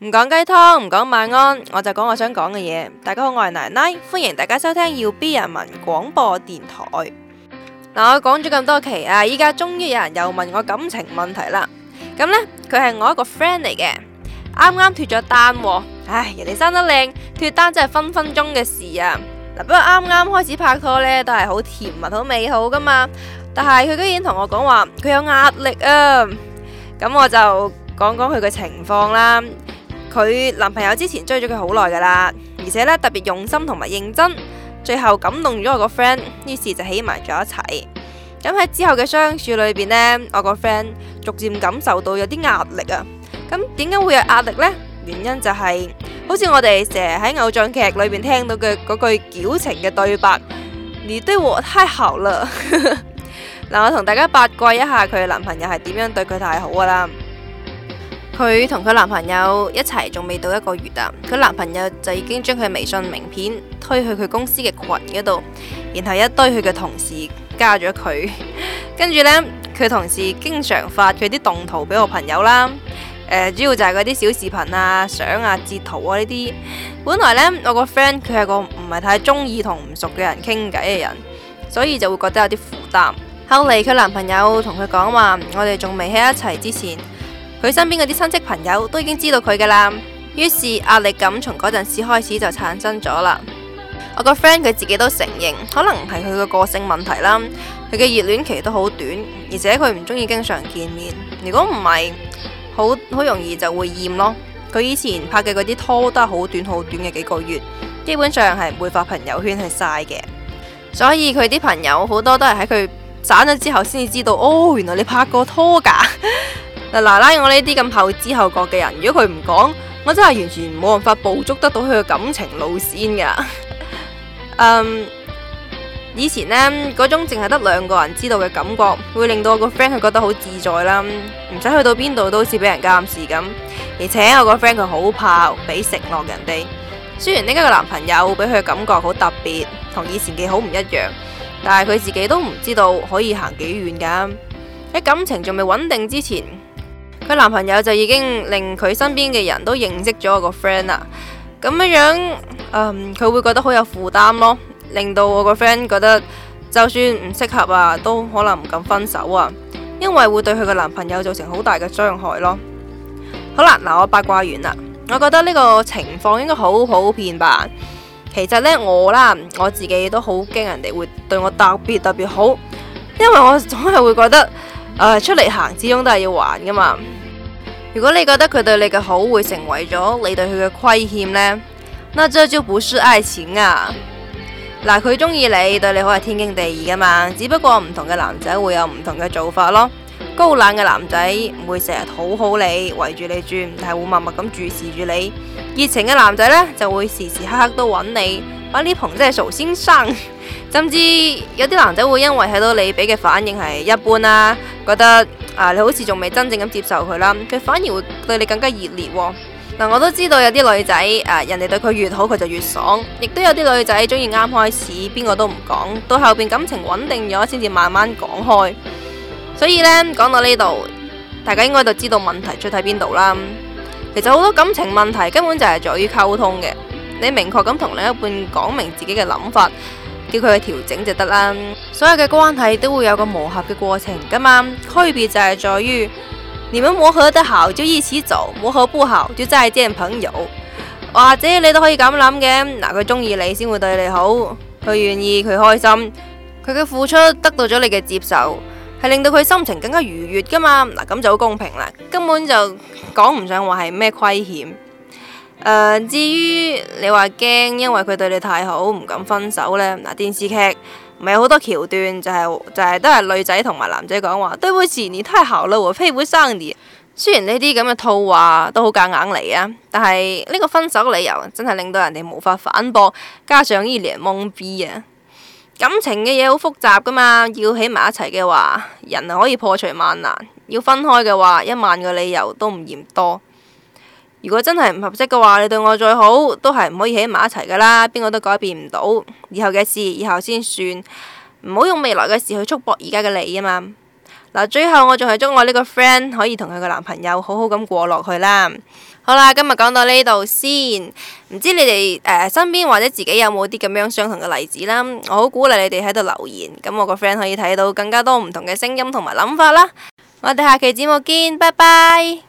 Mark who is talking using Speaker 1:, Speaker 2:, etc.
Speaker 1: 唔講雞湯，唔講晚安，我就講我想講嘅嘢。大家好，我係奶奶，歡迎大家收聽要 B 人民廣播電台。嗱、嗯，我講咗咁多期啊，依家終於有人又問我感情問題啦。咁呢，佢係我一個 friend 嚟嘅，啱啱脫咗單。唉，人哋生得靚，脫單真係分分鐘嘅事啊。嗱，不過啱啱開始拍拖呢，都係好甜蜜、好美好噶嘛。但係佢居然同我講話，佢有壓力啊。咁我就講講佢嘅情況啦。佢男朋友之前追咗佢好耐噶啦，而且咧特別用心同埋認真，最後感動咗我個 friend，於是就起埋咗一齊。咁喺之後嘅相處裏邊呢，我個 friend 逐漸感受到有啲壓力啊。咁點解會有壓力呢？原因就係、是、好似我哋成日喺偶像劇裏邊聽到嘅嗰句矯情嘅對白：你對我太好了。嗱， 我同大家八卦一下佢嘅男朋友係點樣對佢太好噶啦。佢同佢男朋友一齊仲未到一個月啊，佢男朋友就已經將佢微信名片推去佢公司嘅群嗰度，然後一堆佢嘅同事加咗佢。跟住呢，佢同事經常發佢啲動圖俾我朋友啦，呃，主要就係嗰啲小視頻啊、相啊、截圖啊呢啲。本來呢，我個 friend 佢係個唔係太中意同唔熟嘅人傾偈嘅人，所以就會覺得有啲負擔。後嚟佢男朋友同佢講話，我哋仲未喺一齊之前。佢身邊嗰啲親戚朋友都已經知道佢噶啦，於是壓力感從嗰陣時開始就產生咗啦。我個 friend 佢自己都承認，可能係佢個個性問題啦。佢嘅熱戀期都好短，而且佢唔中意經常見面。如果唔係，好好容易就會厭咯。佢以前拍嘅嗰啲拖都係好短好短嘅幾個月，基本上係唔會發朋友圈去晒嘅。所以佢啲朋友好多都係喺佢散咗之後先至知道，哦，原來你拍過拖噶。嗱，奶奶，我呢啲咁後知後覺嘅人，如果佢唔講，我真係完全冇辦法捕捉得到佢嘅感情路綫㗎。 嗯，以前呢，嗰種淨係得兩個人知道嘅感覺，會令到我個 friend 佢覺得好自在啦，唔使去到邊度都好似俾人監視咁。而且我個 friend 佢好怕俾承諾人哋，雖然呢家個男朋友俾佢嘅感覺好特別，同以前嘅好唔一樣，但係佢自己都唔知道可以行幾遠㗎。咁喺感情仲未穩定之前。佢男朋友就已經令佢身邊嘅人都認識咗我個 friend 啦，咁樣樣，嗯，佢會覺得好有負擔咯，令到我個 friend 覺得就算唔適合啊，都可能唔敢分手啊，因為會對佢個男朋友造成好大嘅傷害咯。好啦，嗱，我八卦完啦，我覺得呢個情況應該好普遍吧。其實呢，我啦，我自己都好驚人哋會對我特別特別好，因為我總係會覺得，呃，出嚟行始終都係要還噶嘛。如果你覺得佢對你嘅好會成為咗你對佢嘅虧欠呢，那這就不是愛情啊！嗱，佢中意你，對你好係天經地義噶嘛，只不過唔同嘅男仔會有唔同嘅做法咯。高冷嘅男仔唔會成日討好你，圍住你轉，但係會默默咁注視住你；熱情嘅男仔呢，就會時時刻刻都揾你，把呢捧即係傻先生。甚至有啲男仔會因為睇到你俾嘅反應係一般啦，啊，覺得。啊！你好似仲未真正咁接受佢啦，佢反而會對你更加熱烈。嗱，我都知道有啲女仔，誒，人哋對佢越好，佢就越爽。亦都有啲女仔中意啱開始邊個都唔講，到後邊感情穩定咗先至慢慢講開。所以呢，講到呢度，大家應該都知道問題出喺邊度啦。其實好多感情問題根本就係在於溝通嘅，你明確咁同另一半講明自己嘅諗法。叫佢去調整就得啦，所有嘅關係都會有一個磨合嘅過程噶嘛，區別就係在於，你們磨合得好就一齊做，磨合不好就真係只係朋友，或者你都可以咁諗嘅。嗱，佢中意你先會對你好，佢願意佢開心，佢嘅付出得到咗你嘅接受，係令到佢心情更加愉悅噶嘛。嗱，咁就好公平啦，根本就講唔上話係咩虧欠。呃，至於你話驚，因為佢對你太好，唔敢分手呢。嗱，電視劇咪有好多橋段，就係、是、就係、是、都係女仔同埋男仔講話，對唔住你太好啦，我非會生你。雖然呢啲咁嘅套話都好夾硬嚟啊，但係呢、這個分手嘅理由真係令到人哋無法反駁，加上呢啲懵逼啊。感情嘅嘢好複雜噶嘛，要起埋一齊嘅話，人可以破除萬難；要分開嘅話，一萬個理由都唔嫌多。如果真係唔合適嘅話，你對我再好都係唔可以喺埋一齊噶啦，邊個都改變唔到。以後嘅事，以後先算，唔好用未來嘅事去束縛而家嘅你啊嘛。嗱，最後我仲係祝我呢個 friend 可以同佢個男朋友好好咁過落去啦。好啦，今日講到呢度先，唔知你哋、呃、身邊或者自己有冇啲咁樣相同嘅例子啦？我好鼓勵你哋喺度留言，咁我個 friend 可以睇到更加多唔同嘅聲音同埋諗法啦。我哋下期節目見，拜拜。